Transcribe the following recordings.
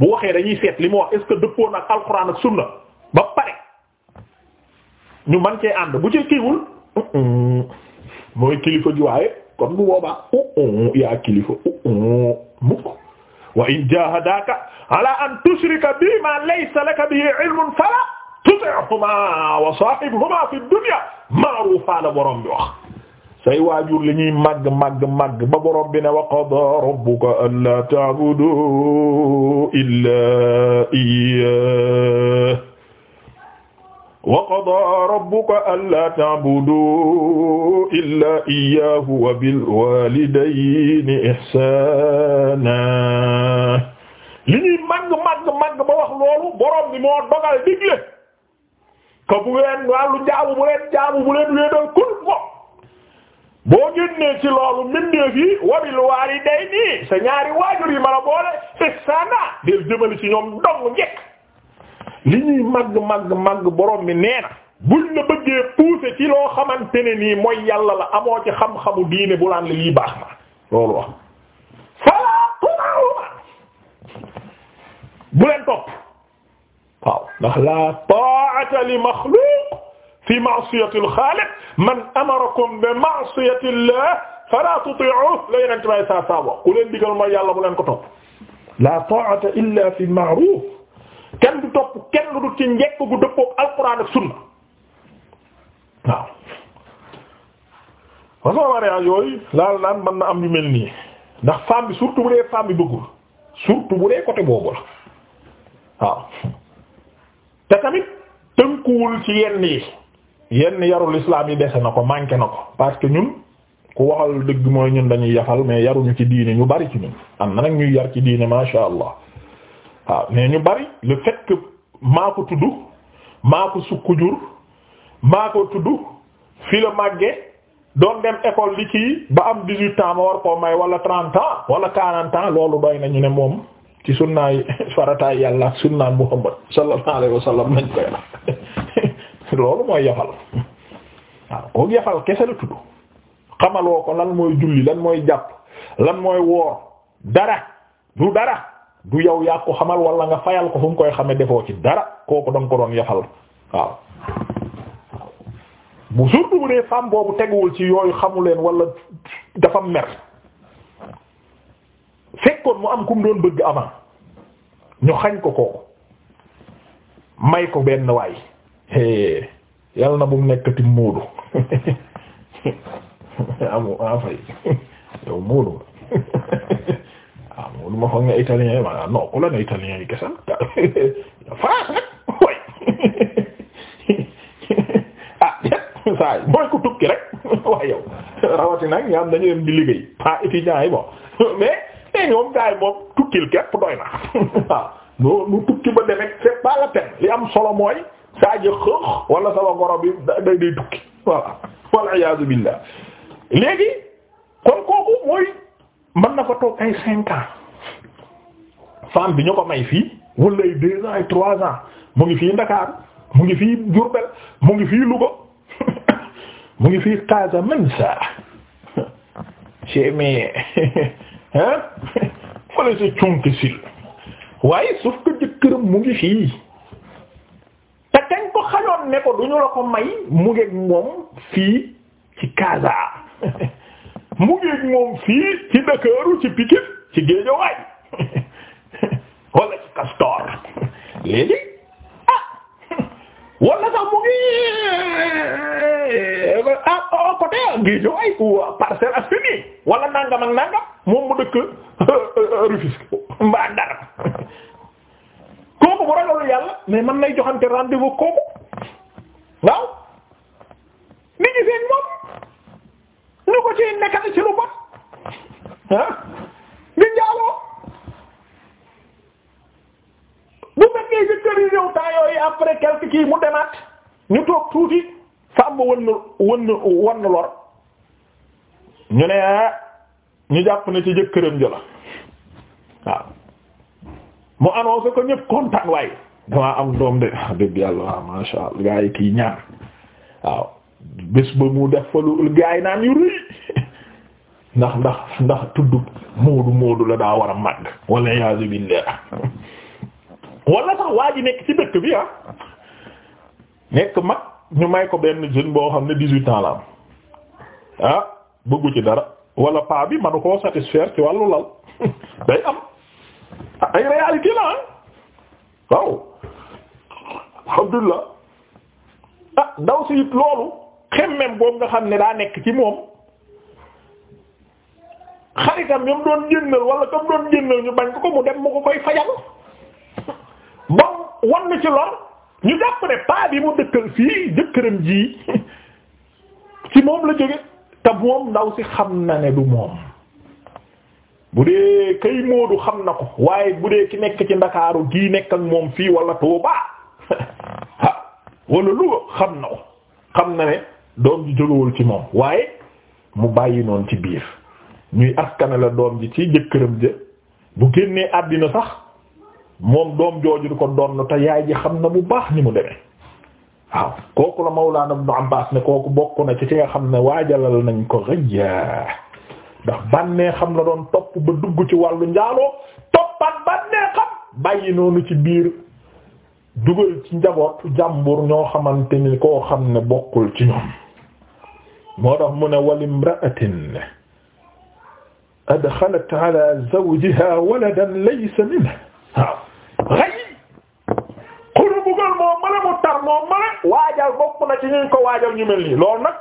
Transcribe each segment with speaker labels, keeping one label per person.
Speaker 1: bu waxee dañuy seet li mu wax est-ce que dëppoo nag alxuraan ak sunna ba pare ñu man cee ànd bu ci kiiwul mooy kilifa ji waaye kon bu boobaa yaa kilifa mukk wa in jahadaka ala an tushrika bima laysa laka bihi ilmun fala tuti'huma wa sahibhuma fi dunya ma'rufa la borom say waajur li ñuy màgg màgg màgg ba borom bi ne wa qadaa rabbuka allaa ta'budu wa qadaa rabbuka allaa ta'budu li ñuy màgg màgg màgg ba wax loolu borom bi moo dogal digle ka bu leen wàllu jaamu bu leen jaamu bu leen wéetal kul ko boo génnee ci loolu mbindeef yi wabil waalidayni sa ñaari waajur yi ma la boole ihsaana del jëmale ci ñoom dong njëkk li ñuy màgg màgg màgg borom mi nee na buñ la bëggee pousser ci loo xamante ne nii mooy yàlla la amoo ci xam-xamu diine bu laan la lii baax na loolu wax falaa tunaawuma bu leen topp waaw ndax laa ta'ata li maxluuq fi ma'siyati al-Khaliq man amarakum bi ma'siyati Allah fala tuti'uhu la yenente may sa sa wax ku leen digal mooy yàlla bu leen ko topp la ta'ata illa fi ma'ruf kenn du topp kenn du ci njekk gu dëppook alquran ak sunna waaw façon mariage yooyu laal naan mën na am yu mel nii ndax femme bi surtout bu dee femme bi bëggul surtout bu dee côté boobu la waaw te tamit tënkuwul ci yenn yi yenn yaru islam yi dese na ko manqué na ko parce que ñun ku waxal dëgg mooy ñun dañuy yafal mais yaruñu ci diine ñu bari ci ñun am na nag ñuy yar ci diine masha allah waaw mais ñu bari le fait que maa ko tudd maa ko sukku jur maa ko tudd fi la màgge doon dem école li ci ba am dix-huit ans ma war koo may wala trente ans wala quarante ans loolu doy nañu ne moom ci sunnaay farataay yàlla sunnaay Muhammad sallallahu alayhi wa sallam nañ koy loolu mooy yafal waaw kooku yafal kese la tudd xamaloo ko lan mooy julli lan mooy jàpp lan mooy woor dara du dara du yow yàqu ko xamal wala nga fayal ko fu mu koy xame defoo ci dara kooku danga ko doon yafal waaw bu surtout bu dee femme boobu teguwul ci yooyu xamu leen wala dafa mer fekkoon mu am ku mu doon bëgg avant ñu xañ ko kooku may ko benn waay yàlla na bu mu nekkati Moodu amu a fay yow Moodu ah Moodu ma foog ne italien ma non ku la ne italien yi kese France rek way ah saa yi mooy ku tukki rek waaye yow di liggéey pas étudiant yi bon mais léegi moom gars yi moom tukkil képp doy na ah, nu tukki ba demek c'est pas la li am solo mooy saa ji xëx wala sama goro bi day day tukki voilà wal iyaazu billah léegi kon kooku mooy mën na fa bi ñu ko may fii wala ay trois ans mu ngi fi Ndakaar mu ngi fii Diourbel mu ngi fii Louga mu ngi fii Casamance chez mais hein fële sa conki sil waaye sauf que jëkkëram mu ngi fii waxoon ne ko du ñu la ko may mu ngeeg moom fii ci Casa mu ngeeg moom fii ci Ndakaaru ci Pikine ci Guédiawaye wala ci Castor léegi ah wala sax mu ngi eh, ah, ah côté Guédiawaye ou Parcelles wala nangam ak nangam moom mu dëkk Rufisque mbaa Ndar kooku bu ragalul yàlla mais man nay joxante rendez-vous kooku. waaw mi ngi feeg moom ñu ko ci nekkati ci lu bon ah di njaaloo bu fekkee jëkkër yi ñëw temps yooyu après kii mu demaat ñu toog tuuti femme ba wën na wën lor ñu ne ah, ñu jàpp ne ci jëkkëram jëla waaw mu annoncé ko ñëpp kontaan waaye damaa am doom de ah, dëgg yàlla waaw masha Allah gaa yi kii ñaan waaw bés ba mu def fa lu gaa yi naan yu rëy ndax ndax ndax tudd moodu moodu la daa war a màgg walla yaazu billah wala sax waa nekk ci dëkk bi ah nekk mag ñu may ko benn jeune boo xam ne dix-huit ans la am ah, bëggu ci dara walla paa bi manu koo satisfaire ci wàllu lal day am ah, ay réalité la waaw alhamdulilah ah ndaw si it loolu xemmem boobu nga xam ne daa nekk ci moom xaritam yam doon génnal wala kam doon génnal ñu bañ ko ko mu dem mu ko koy fajal ba wan ci lor ñu jàpp ne paa bi mu dëkkal fii jëkkëram ji ci moom la jóge te moom ndaw si xam na ne du moom bu dee kay Moodu xam na ko waaye bu dee ki nekk ci Ndakaaru gii nekk ak moom fii wala Touba ah wala Louga xam na ko xam na ne doom ji jógewul ci moom waaye mu bàyyi noonu ci biir ñuy askane la doom ji ci jëkkëram ja bu génnee àddina sax moom doom jooju di ko donn te yaay ji xam na bu baax ni mu demee waaw kooku la Mawlaana Ibnu Abbaas ne kooku bokk na ci ci nga xam ne waajalal nañ ko rëjaa ndax bannee xam la doon topp ba dugg ci wàllu njaaloo toppat bannee xam bàyyi noonu ci biir dugal ci njaboot jàmbur ñoo xamante ni koo xam ne bokkul ci ñoom moo tax mu ne walimraatin adxalat ala zawjiha waladan laysa minhu waaw xëy xuru bugal moo mala mu tar moo mala waajal bokk na ci ñuñ ko waajal ñu mel nii loolu nag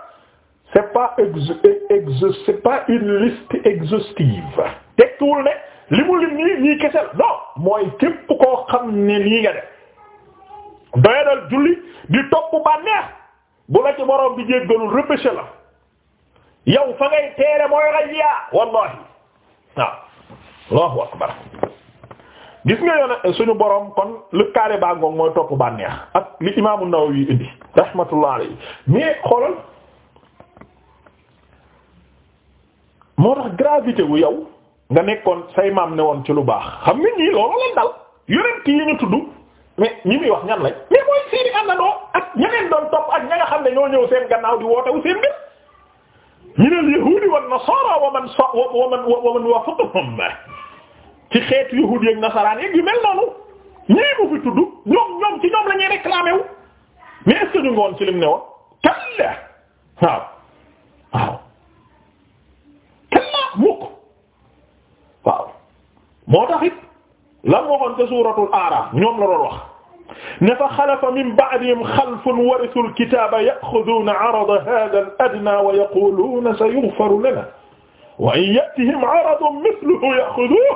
Speaker 1: c'est pas ex c'est pas une liste exhaustive tekkiwul ne li mu lim nii ñii kese la non mooy képp koo xam ni lii nga def doyadal julli di topp ba bu la ci borom bi jéggalul repêché la yow fa ngay teere mooy rajia wallahi waaw allahu akbar gis nga yoone suñu borom kon lu kaale baa mooy topp ba ak li imaamu Nawawi indi rahmatullah alayhi mais xoolal moo tax gravité yow nga nekkoon say maam ne woon ci lu baax xam nga ñii loolu leen dal yonent yi ñu tudd mais ñi muy wax ñan lañ mais mooy seeni àndandoo ak ak ña nga xam ne ñoo ñëw seen gannaaw di wootewu seen mbir ñu ne yahuudi wan nasaara wa man wa man wa man wafaqahum ci xeetu yahuudi ak nasaraan yu mel noonu ñii fi tudd ñoom ñoom ci ñoom la ñuy réclamer wu mais est-ce woon ci lim ne woon kalla waaw moo tax it lan waxoon ca suuratul aaraaf ñoom la doon wax ne fa xalafa min ba'dihim xalfun warisul kitaaba ya'xuduuna 'arada haadal adnaa wa yaquuluuna sayughfaru lanaa wa in ya'tihim 'aradun misluhu ya'xuduuhu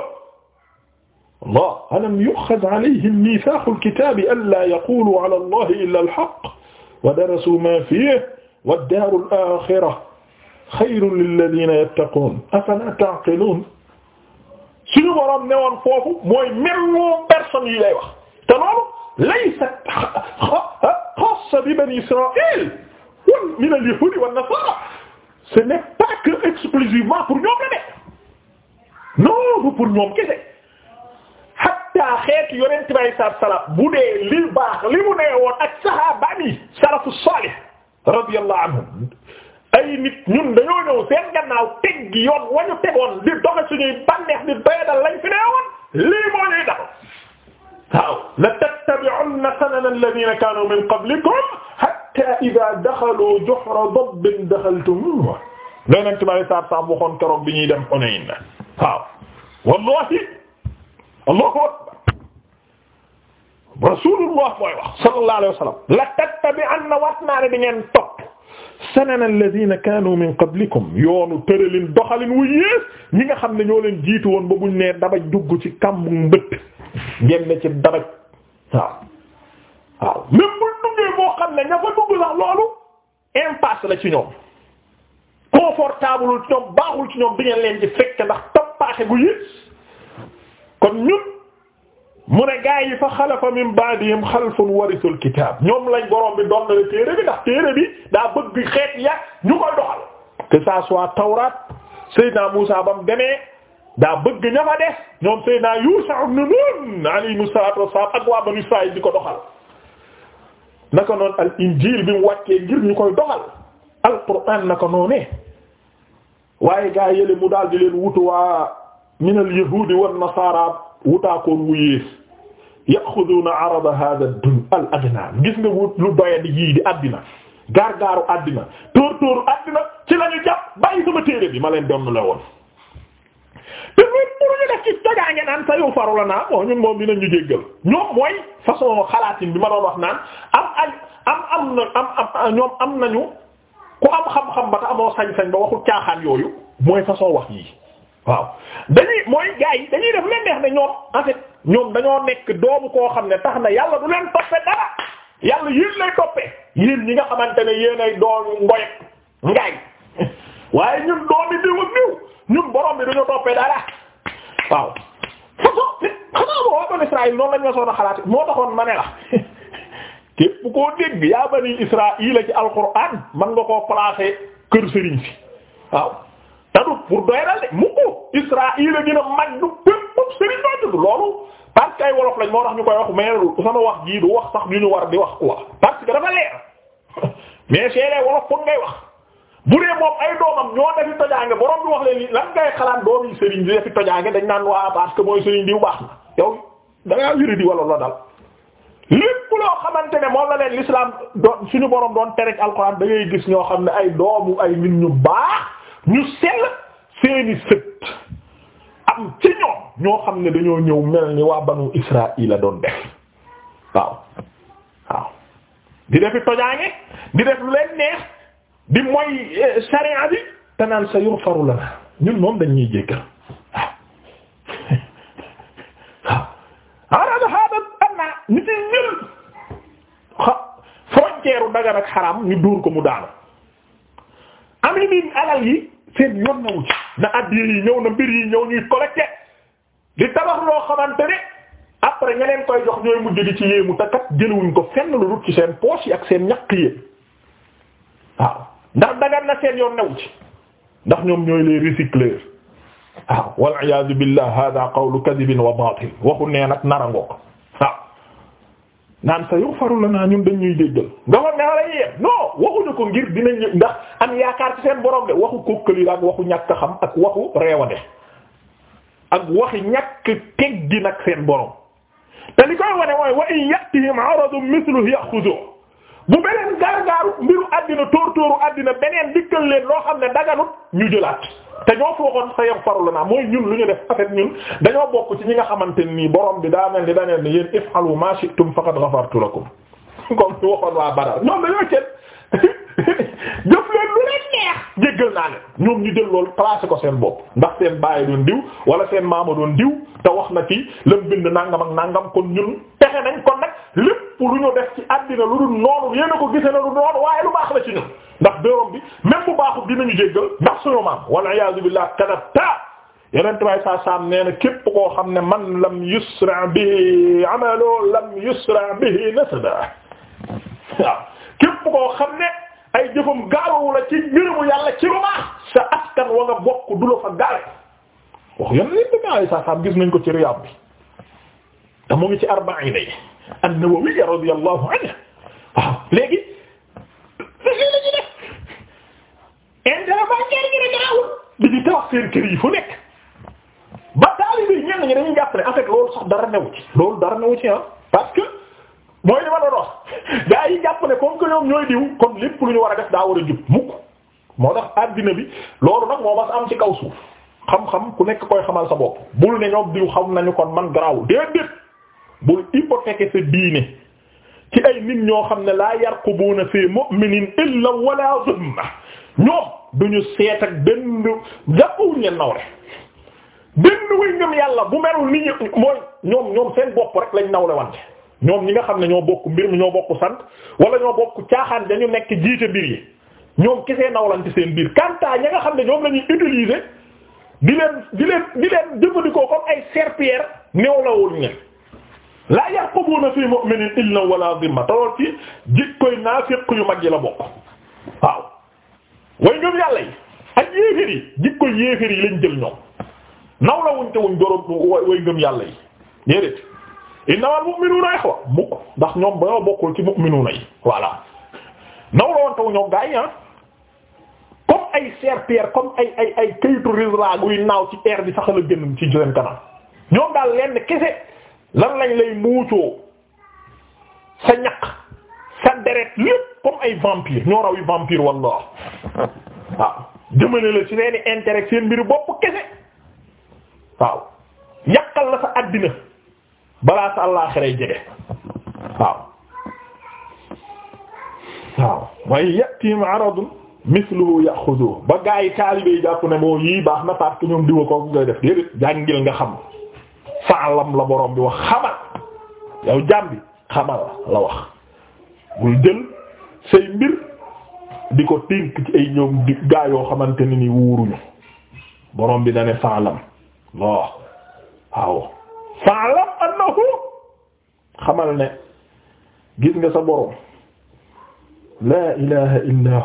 Speaker 1: Allah alam yu'xaz 'alayhim miisaaqul kitaabi allaa yaquuluu 'alaa Allaahi illaa al-haqq wa darasuu maa fiihi wa daarul aaxiratu xayrun lilladiina yattaquun afalaa ta'qiluun suñu boroom ne woon foofu mooy même moom personne yi lay wax te loolu laysa xassa bi bani Israël wal min al yahudi wan nasara ce n'est pas que exclusivement pour ñoom la ne non pour ñoom kese hatta xeetu yonent bi alayhi salaatu salaam bu dee li baax li mu nee woon ak sahaaba yi salafu saalih radiyallahu anhum ay nit ñun dañoo ñëw seen gannaaw teg gi yoon wañu tegoon di doxe suñuy banneex di doyadal lañ fi ne woon lii moo ñuy dal waaw la tattabi'unna sanana alladhina kanu min qablikum hatta idha dakhalu juhra dabbin dakhaltumuhu yonent bi saa saam waxoon keroog bi ñuy dem Hunayn waaw wallahi allahu akbar rasulullah mooy wax sallallahu alayhi wasallam la tattabi'anna wat naa ne di ngeen topp sanana alladhina kaanu min qablikum yoonu tëralin doxalin wu yées ñi nga xam ne ñoo leen jiitu woon ba buñ nee dabaj dugg ci kàmbu mbëtt génn ci dabaj waaw waaw même buñ duggee boo xam ne ña fa dugg sax la ci ñoom confortable ci ñoom baaxul ci ñoom di ngeen leen di fekk ndax tappaaxe gu yées kon mu ne gaa yi fa xalafa min ba'dihim xalfun warisul kitaab ñoom lañ borom bi doon na téere bi ndax téere bi daa bëgg xeet ya ñu ko doxal que ça soit Tawraat Seydina Muusaa ba demee daa bëgg ña fa ñoom Seydina Yuusa ibn Nuun alayhi salaatu wa salaam ak waa Banu Israa'iil di ko doxal naka noon al injiil bi mu wàccee ngir ñu koy doxal al quraan naka noonee waaye gaa yële mu daal di leen wutu waa minal yahuudi wan nasaara wutaakoon wu yées yaxuduuna arada hada dun al adna gis nga wut lu doyadi yii di addina gaar-gaaru addina tóor tóoru addina ci la ñu jàpp bàyyi sama téere bi ma leen donn la woon te ñun pour ñu def ci tojaange naan sa faru la naa bon ñun moom dinañ jéggal ñoom mooy façon xalaatin bi ma doon wax naan am am ñoom am nañu ku am xam-xam ba te amoo sañ-sañ ba waxul caaxaan yooyu mooy façon wax yi waaw dañuy mooy gars yi dañuy def leen neex ne ñoom en ñoom dañoo nekk doomu koo xam ne tax na yàlla du leen toppe dara yàlla yéen lay toppe yéen ñi nga xamante ne yéen ay doomu ngoy ngaay waaye ñun doomi diw ak diw ñun borom bi duñu toppee dara waaw façon xanaa boo bani Israël noonu lañ wasoon a xalaat moo taxoon ma ne la képp koo dégg yaa bani Israël la ci alquran man nga koo placer kër sëriñ si waaw tadut pour doyadal de mukk Israël a gën mag du pépp sëriñ doo tudd loolu parce que ay wolof lañ moo tax ñu koy wax mais sama wax jii du wax sax ñu ñu war di wax quoi parce que dafa leer mais seeree wolof foog ngay wax bu dee moom ay doomam ñoo defi tojaange borom bi wax leen lan ngay xalaat doomi sëriñ di defi tojaange dañ naan waa parce que mooy sëriñ di baax na yow da ngaa wéri di wala la dal lépp loo xamante ne moom la leen l'islam suñu borom doon terek alxuraan gis ñoo xam ne ay doomu ay nit ñu baax ñu sell seeni sët am ci ñoom ñoo xam ne dañoo ñëw mel ni waa banu Israaïla doon def waaw waaw di defi tojaange di def lu leen neex di mooy eh, sharia bi te naan sa yughfaru lana ñun moom dañ ñuy jéggal waaw waaw arada hada anna ñu ci ñël frontière u ak xaram ñu duur ko mu daanu ami miin alal yi seen yoon na na addiya yi ñëw na mbir yi ñëw ñuy collecté di tabax loo xamante ne après ña leen koy jox ñooy mujj di ci yéemu te kat jëluwuñ ko fenn lu dul ci seen poche yi ak seen ñaq yi waaw ndax dagan na seen yoon new ci ndax ñoom ñooy les recycleurs waaw wal iyaazu billah hada qawlu kadibin wa baatil waxu nee nag narangook naan sa yughfaru lana ñun dañ ñuy jéggal nga war nga la yéen non waxuñu ko ngir dinañ ndax am yaakaar ci seen borom de waxu kókkali ak waxu ñàkk xam ak waxu reewande ak waxi ñàkk teggi nag seen borom te li koy wane mooy wa in ya'tihim 'aradun mithluhu ya'khudhuhu bu beneen gaar-gaaru mbiru àddina tóor-tóoru àddina beneen dikkal leen loo xam ne daganut ñu jëlaat te ñoo foogoon sa yem faru la naa mooy ñun lu ñu def affaire ñun dañoo bokk ci ñi nga xamante nii borom bi daa mel ni da ne yéen if'alu ma shi'tum faqad ghafartu lakum comme ñu waxoon waa Badar ñoom dañoo ceeb jéggal naa ne ko seen bopp ndax seen doon diw wala seen na ci lam nangam ak nangam kon ñun pexe nañ kon nag lépp lu ñu def ci àddina lu dul noonu yéen ko gise na lu noonu waaye lu baax la ci ñun ndax borom bi même bu baaxul dinañu jéggal ndax suñu maam wala iyaazu billah kadabta yenent way saa saam nee na képp koo xam ne man lam yusra bihi amalo lam yusra bihi nasaba waaw képp koo xam ne ay jëfam gaawawu la ci ngërëmu yàlla ci lu sa askan wa nga bokk du la fa gaawe wax yàlla nit ñi ay saa saam gis nañ ko ci Riyaad bi te mu ngi ci arba'iin yi an-Nawawi radiyallahu anhu waaw léegi lii la ñu def interbancaire ñu ne garaawul ba taalibe yi ñenn ñi dañuy jàpp ne en fait loolu sax dara newu ci loolu dara newu ci ah. mooy li ma doon wax gaa yi jàpp ne comme que ñoom ñooy diw kon lépp lu ñu war a def daa war a jub mukk moo tax àddina bi loolu nag moo mas am ci kaw suuf xam-xam ku nekk koy xamal sa bopp bul ne ñoom diw xam nañu kon man garaawul déedéet bul hypothéquer sa diine ci ay nit ñoo xam ne laa yarqubuna fi mu'minin illa wala zimma duñu seet ak benn jàppwuñ leen nawle benn way ngëm yàlla bu merul nit ñi mooy ñoom ñoom seen bopp rek lañ nawle wante ñoom ñi nga xam ne ñoo bokk mbir mi ñoo bokk sant wala ñoo bokk caaxaan dañu nekk jiite mbir yi ñoom kese nawlan ci seen biir kantaa ñi nga xam ne ñoom la ñuy utiliser di leen di leen di leen jëfandikoo ko ay serpillère néew lawul ñen laa yarqubuna fi mu'minin illa wala dhimma talool ci jikkoy naafiq yu mag yi la bokk waaw way ngëm yàlla yi ak yéefér yi jikkoy yéefér yi lañ jël ñoom naw la te wuñ doroom way ngëm yàlla yi innamal mu'minuna ikhwa mukk ndax ñoom ba bokkul ci mu'minuna yi voilà naw la woon taw ñoom gaa yi ah comme ay serpillère comme ay ay ay kayitu rizra guy naaw ci air bi sax la génn ci seen kanam ñoom daal lenn kese lan lañ lay muucoo sa ñaq sa deret lépp comme ay vampire ñoo raw yi vampire wallah waaw jëmale la ci seeni intérêt seen mbiru bopp kese waaw yàqal la sa àddina balaa sa àllaaxira jege waaw waaye yatihim aradun misluhu yaxuduhu ba gaa yi taalibe yi jàpp ne moo yii baax na parce que ñoom diwa ko ngay def déedéet jàngil nga xam faalam la borom bi wax xamal yow jàmbi xamal la wax bul jël say mbir di ko tënk ci ay ñoom di gaa yoo xamante ni ni wuuruñu boroom bi da ne faalam waaw waaw lahu xamal ne gis nga sa borom laa ilaha illa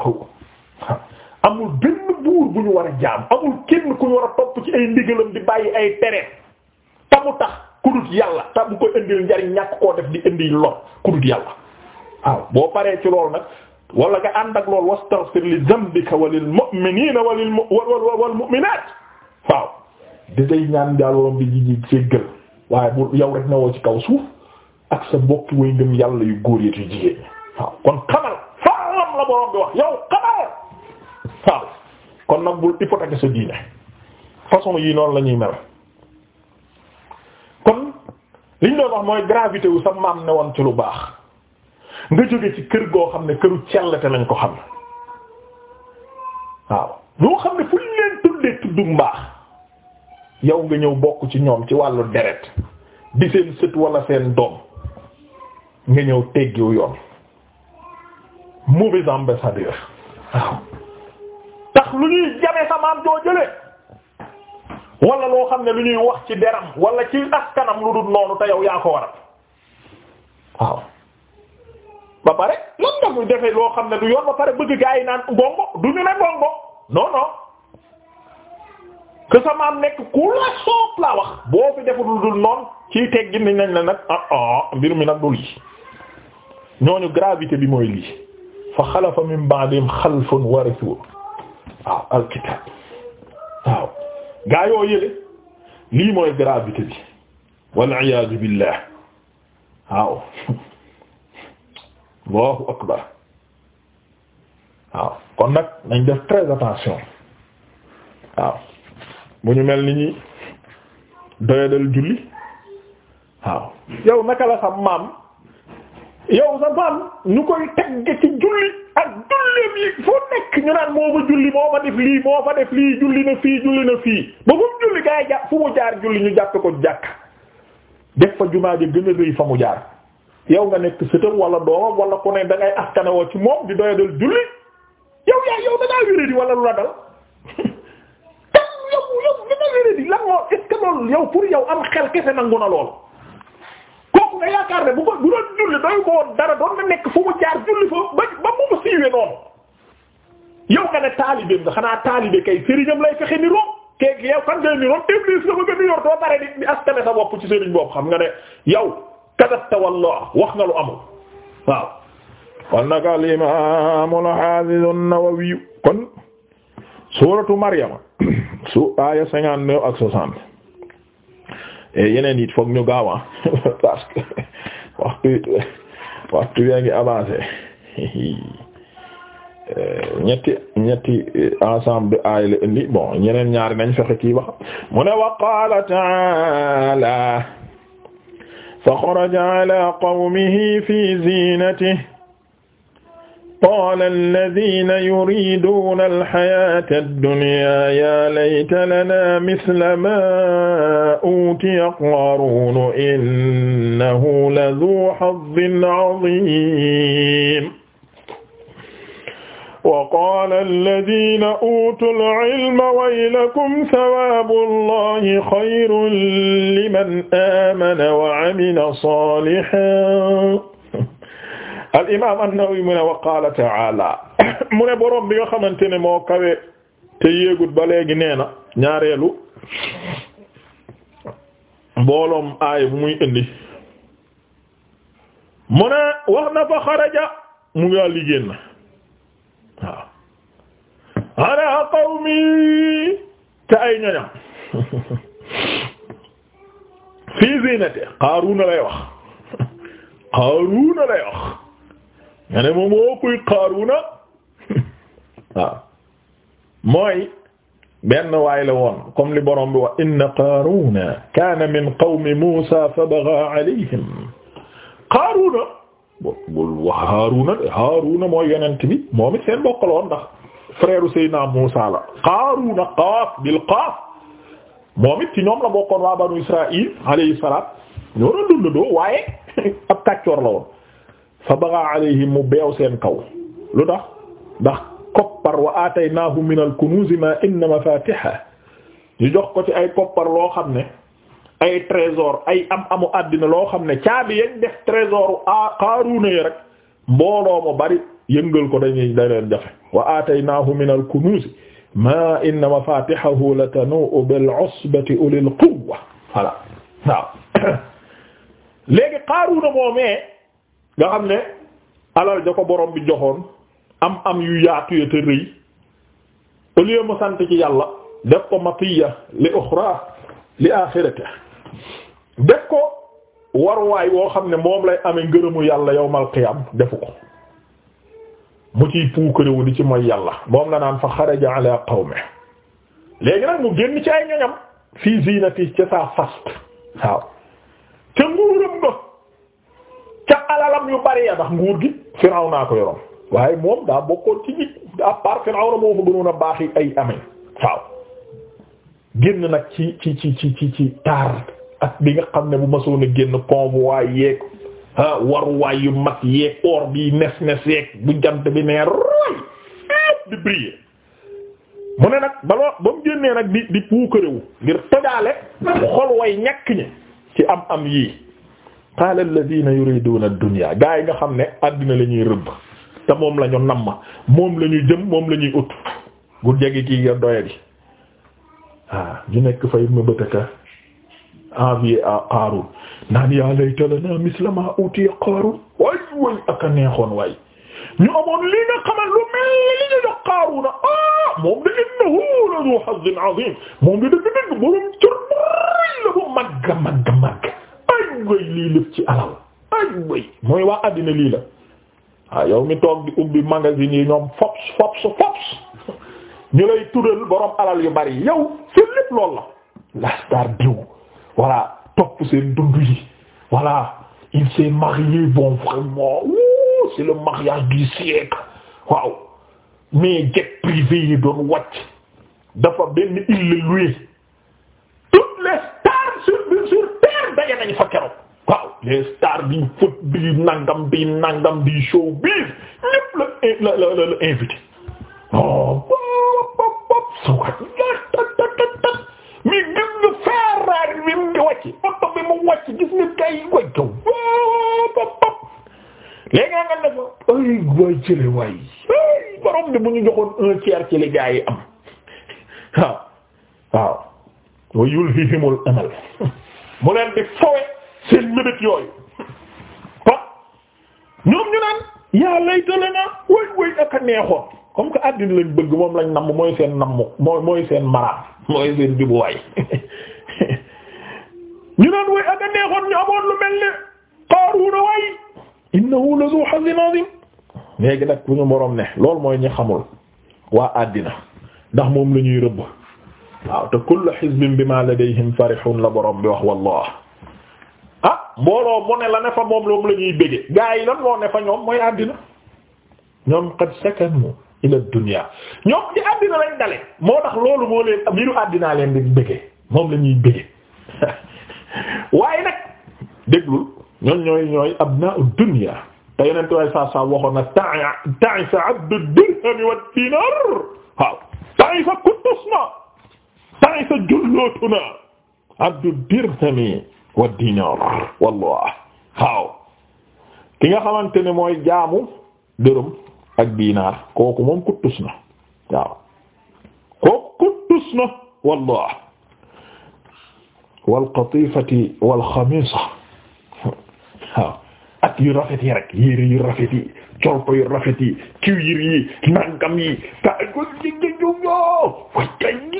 Speaker 1: amul benn buur bu ñu war a jaam amul kenn ku ñu war a topp ci ay ndigalam di bàyyi ay tereem ta tax ku dut yàlla ta bu koy indil njariñ ñàkk koo def di indi lor ku dut yàlla waaw boo paree ci loolu nag wala nga ànd ak loolu wastaghfir li dhanbika wa lil mu'minina wa lil mu'minat waaw di day ñaan bi ji ji jéggal waaye bu yow rek woo ci kaw suuf ak sa mbokki way ngëm yàlla yu góor yi yu jigéen ñi waaw kon xamal faalam la borom bi wax yow xamal waaw kon nag bul hypothéquer sa diine façon yii noonu lañuy mel kon li ñu doon wax mooy gravité wu sa maam ne woon ci lu baax nga jóge ci kër goo xam ne këru cellate lañ ko xam waaw ñoo xam ne fu leen tuddee tuddug mbaax yow nga ñëw bokk ci ñoom ci wàllu deret di seen sët wala seen doom nga ñëw teggiw yoon mauvais ambassadeur waaw tax lu ñuy jame sa maam joo wala loo xam ne lu ñuy wax ci deram wala ci askanam lu dul noonu te yow yaa ko waral waaw ba pare lan muy defee loo xam ne lu yoon ba pare bëgg gaa yi naan ngongo du ñu ne ngongo non que maam nekk ku la soob laa wax boo fi defut lu dul noonu ciy teggin nañ nañ la nag ah ah mbir mi nag du lii ñooñu gravité bi mooy lii fa xalafa min ba'dihim xalfun warithu waaw alkitab waaw gaa yoo yële lii mooy gravité bi wal iyaadu billah waaw allahu akbar waaw kon nag nañ def très attention bu ñu mel ni ñi doyadal julli waaw yow naka la sa maam yow sa maam ñu koy tegge ci julli ak julleem yi foo nekk ñu naan moo fa julli moo fa def lii moo fa def lii julli na fii julli na fii ba fu julli gaa yi fu mu jaar julli ñu jàppe ko jàkk def fa jumaa ja gën a rëy fa mu jaar yow nga nekk sëtam wala doomam wala ku ne da ngay askanawoo ci moom di doyadal julli yow yaay yow da ngaa wéré lu la gën a wéré di lan moo am xel kese nangu na lool kooku nga yaakaar ne bu ko bu julli doy ko dara doon na nekk fu mu jaar julli fa ba ba mu siiwee noonu yow nga ne taalibeem nga xanaa taalibe kay sëriñam lay fexe ni room keeg yow kan ngay ni room iblis nga bëgg ni yor doo pare di di sa bopp ci sëriñ boobu xam nga ne yow kadabta wallah wax nga lu amul waaw kon nag al imaam al haafiz an kon suuratu Maryama su aaya cinquante neuf ak soixante yeneen it foog ñu gaawa parce que waxtu waxtu yaa ngi avancé ñetti ñetti ensemble aay la indi bon ñeneen ñaari nañ fexe kii wax mu ne wa qaala fa xaraja ala qawmihi fi zinatihi qaala alladina yuriduuna alxayata adduniya ya layta lana misla ma utiya qaaruunu innahu la duu xazzin aziim wa qaala alladina uutul ilma waylakum sawaabu allahi xayrun liman aamana wa amila saalihan al imaam an-Nawawi mu ne wa qaala ta'aala mu ne boroom bi nga xamante ne moo kawe te yéegut ba léegi nee na ñaareelu mbooloom aay bu muy indi mu ne wax na fa xaraja mu ngaa liggéey na waaw ala qawmi te ay ñoñam fii ziinati Qaaruuna lay wax Qaaruuna lay wax nga ne moo kuy Qaaruna mooy benn waay la woon comme li borom bi wax inna Qaaruna kaana min qawmi Muusaa fa baghaa alayhim Qaaruna Haaruna mooy yonent bi moom it seen bokk la woon ndax frère Seydina Muusaa la Qaaruna qaaf bil qaaf moom it ñoom la bokkoon waa banu Israaïl alayhi salaam ñoo doon dund doo waaye ab kàccoor la woon fa bagaa alayhim mu beew seen kaw lu tax ndax koppar wa aataynaahu min al kunuuz ma inna mafatihah ñu jox ko ci ay koppar loo xam ne ay trésor ay am amu àddina loo xam ne caabi yañ def trésor a Qaaruuna yi rek mbooloo mu bari yëngal ko dañuy da leen jafe wa aataynaahu min al kunuuz ma inna mafatihahu latanu'u bil 'usbati ulil quwwa voilà waaw léegi Qaaruuna moomee nga xam ne alal ja ko borom bi joxoon am am yu yaatu ya te rëy au lieu mu sant ci yàlla def ko matiya li uxra li axirate def ko waruwaay woo xam ne moom lay amee ngërëmu yàlla yawmal qiyam defu ko mu ciy puukarewu di ci mooy yàlla moom la naan fa xaraja ala qawme léegi nag mu génn ci ay ñoñam fii zinati ca saa fast waaw ca nguuram nga ca alalam yu bari ya nguur gi Firawna ko yoroon waaye moom daa bokkoon ci nit à part Firawna moo fa gënoon a baax yi ay amee waaw génn nag ci ci ci ci ci ci taar ak bi nga xam ne bu masoon a génn convoi yeeg ah waruwaay yu mag yeeg or bi nes nes yeeg bu jant bi nee roy di briller mu ne nag baloo ba mu génnee nag di di puukarewu ngir tojaale xol way ñàkk ñi ci am am yii qaala alladhina yuriduna ad-dunya gaa yi nga xam ne àddina la ñuy rëbb te moom la nam namm moom lañuy ñuy jëm moom la ñuy ut gu jege kii nga doye di ah, ñu nekk fay mëbëtëka envier à naan yaa layta lanaa misla maa utiya Qaarun waay waay ak a neexoon ñu amoon li nga xamal lu mel li ñu jox Qaaruna ah moom de innahu la du hazzin azim moom de dëgg-dëgg borom cër la bu màgg màgg màgg ay way lii alal ay way mooy waa àddina lii la waaw ah, yow mi toog di ubbi magasin yi ñoom fops fops fops ñu lay tuddal borom alal yu bari yow seen lépp lool la lastar diw voilà topp seen dund yi voilà il s'est marié bon vraiment wuu c'est le mariage du siècle waaw mais jet privé yi doon wàcc dafa benn île loué nañ fa keroog waaw les stars di foot di nangam di nangam di oh, bi mu mu wàcc ñu joxoon un tiers ci li gaa yi am waaw waaw wa yulhihimul amal mu leen di fowe seen mébét yooyu kon ñoom ñu naan yaa laytale na way way ak a neexoon comme que àddina lañ bëgg moom lañ namm mooy seen namm mooy mooy seen maraam mooy seen jubuwaay ñu naan way ak neexoon ñu amoon lu mel ni Qaaruuna way innahu la zu hazin azim léegi nag bu ñu boroom ne loolu mooy ñu xamul waa àddina ndax moom la ñuy rëbb waaw te kullu hizbin bima ladayhim farihun la borom bi wax wallah ah mbooloo mu ne la ne fa moom loo la ñuy bëgge gaa yi moo ne fa ñoom mooy àddina ñoom qad sakanu ila dunya ñoom ci àddina lañ dale moo tax loolu moo leen mbiru leen di bëgge moom la ñuy bëgge waaye nag déglul ñoom ñooy ñooy abna'u dunya te yeneen tuwaay saa saa waxoon na ta'i ta'i sa wa dinar waaw ta'i fa tari sa jullootuna abdu dirhami wa dinar wallah waaw ki nga xamante ne mooy jaamu dërëm ak diinaar kooku moom kuttus na waaw kooku kuttus wallah wal qatifati wal xamisa waaw ak yu rafet yi rek rafet yi col ko yu rafet yi kiw yir yi nangam yi ta ko ci ci jum yo way ñu ñu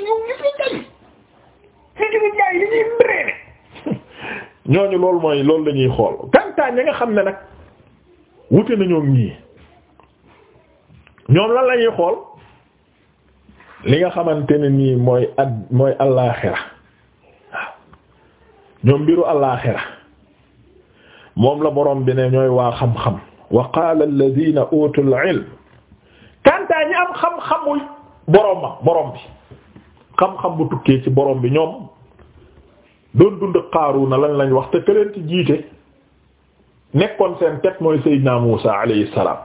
Speaker 1: ñooñu loolu mooy loolu la ñuy xool kantaa ñi nga xam ne nag wute nañoo ñii ñoom lan la ñuy xool li nga xamante ne nii mooy ad mooy allaaxira ñoom mbiru allaaxira moom la borom bi ne ñooy waa xam-xam wa qaala alladina utul ilm kantaa ñi am xam-xamul borom ma borom bi xam-xam bu tukkee ci borom bi ñoom doon dund Qaaruuna lan lañ wax te ka leen ci jiite nekkoon seen teg mooy Seydina Muusa alayhi salaam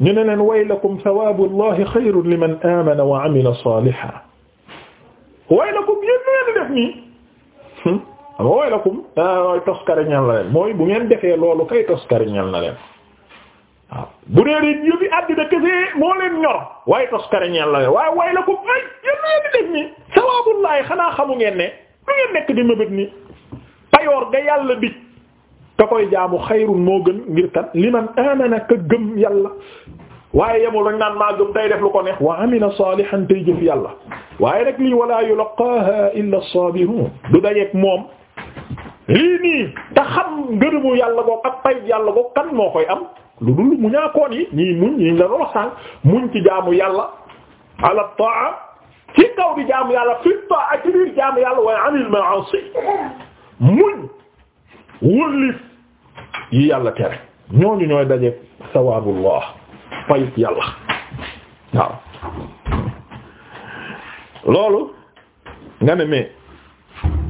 Speaker 1: ñu ne leen waylakum thawaabu llahi xayrun liman aamana wa amila saalihan waylakum yéen ñu def nii wooy lakum mooy ah, toskare na leen mooy bu ngeen defee loolu kay toskare ñal na leen waaw bu dee de yëfi àddina kese moo leen ñor waaye toskare ñal na leen waaye way lakum ay yéen a ngi def nii sawaabullahi xanaa xamu ngeen ne lu ngeen nekk di mébét nii payoor ga yàlla dig ka koy jaamu xayrun moo gën ngir kat li man amana ka gëm yàlla waaye yemul rek naan maa gëm tay def lu ko neex wa amila salihan tay jëf yàlla waaye rek lii wala yulqaaha moom lii nii te xam ngërëmu yàlla boog ak pay yàlla boog kan moo koy am lu dul mu ñaakoon yi ñii muñ ñii la doon muñ ci jaamu yàlla ala taa ci kaw di jaamu yàlla fi taa ci biir jaamu yàlla waaye anil ma'asi muñ wëlif yi yàlla tere ñooñu ñooy daje sawaabullah payit yàlla waaw loolu nga ne mais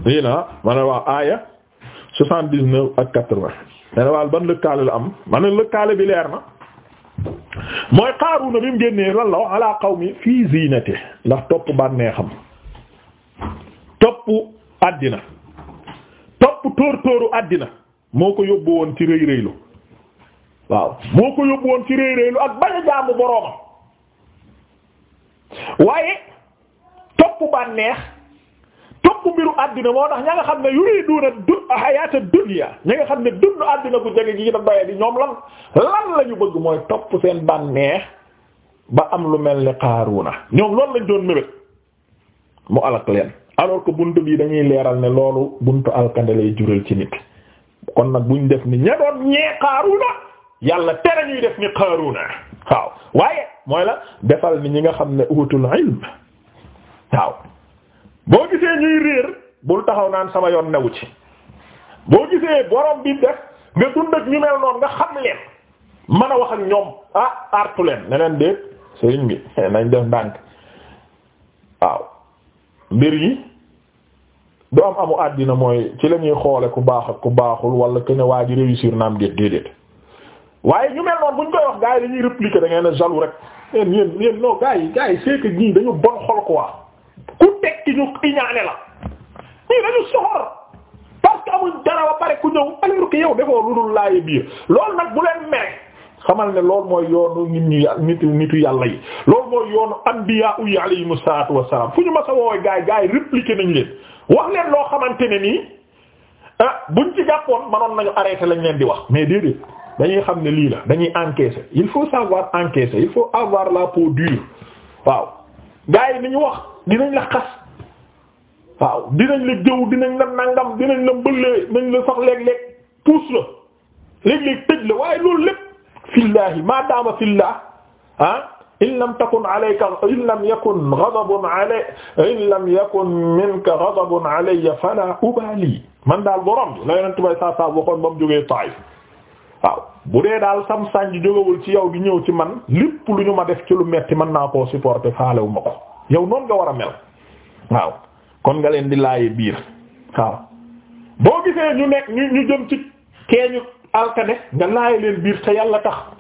Speaker 1: lii na ma ne wax aaya 79 ak 80 mais daal ban lëkkaale la am ma ne lëkkaale bi leer na mooy Qaaruuna bi mu génnee lan la wax ala fii ziinati ndax topp bànnee xam topp àddina topp tóor tóoru àddina moo ko yóbbu woon ci rëy rëylu waaw moo ko yóbbu woon ci rëy rëylu ak bañ a jaamu boroomam waaye topp bànneex topp mbiru àddina moo tax ña nga xam ne yuriduna du hayata dunya ña nga xam ne dund àddina bu jege gi da doye di ñoom lan lan la bëgg mooy topp seen bànneex ba am lu mel ni Qaaruna ñoom loolu lañ doon mébét mu alak leen alors que bunt bii dañuy leeral ne loolu buntu alkande lay jural ci nit kon nag buñ def ni ña doon ñee Qaaruna yàlla te ñuy def ni Qaaruna waaye mooy la defal ni ñi nga xam ne utul ilm waaw boo gisee ñuy réer bul taxaw naan sama yoon newu ci boo gisee borom bi def nga dund ak ñu mel noonu nga xam leen mën a wax ak ñoom ah artu leen ne leen déet sëriñ bi nañ def ndànk waaw mbir yi du am amu àddina mooy ci la ñuy xoole ku baax ak ku baaxul wala que ne waa ji réussir naam déet déedéet waaye bu ñu koy wax a jaloux rek yéen yéen yéen non gars yi gars yi c'est que dañu bon xol quoi ki ñu iñaane la ñii dañu soxor parce que amuñ dara ba pare ku ñëw alors que yow defoo lu dul laaye biir loolu nag bu leen mere xamal ne loolu mooy yoonu nit ñu yà nit nitu yàlla yi loolu mooy yoonu anbiya yi alayhimu salaatu wassalaam fu ñu ma sa woowee gaay gaay répliqué nañ leen wax leen loo xamante ne nii ah buñ ci jàppoon manoon nañu arrêté lañ leen di wax mais déedéet dañuy xam ne lii la dañuy encaisser il faut savoir encaisser il faut avoir la peau dure waaw waaw dinañ la jëw dinañ la nangam dinañ la mbëllee dinañ la sax léeg-léeg puus la léeg-léeg tëj la waaye loolu lépp fillaahi ma daama fillah ah in in lam yakun ghadabun alay in lam yakun minka ghadabun alayya fala ubali man daal borom bi la yonent bay saa saa waxoon ba mu jógee Taayif waaw bu dee daal sam sànj ci yow di ñëw ci man lépp lu ñu ma def ci lu metti mën naa koo supporter faalewu ma ko yow noonu nga war a mel waaw kon nga leen di laaye biir waaw boo gisee ñu nekk ñu ñu jëm ci keeñu alkane nga laaye leen biir te yàlla tax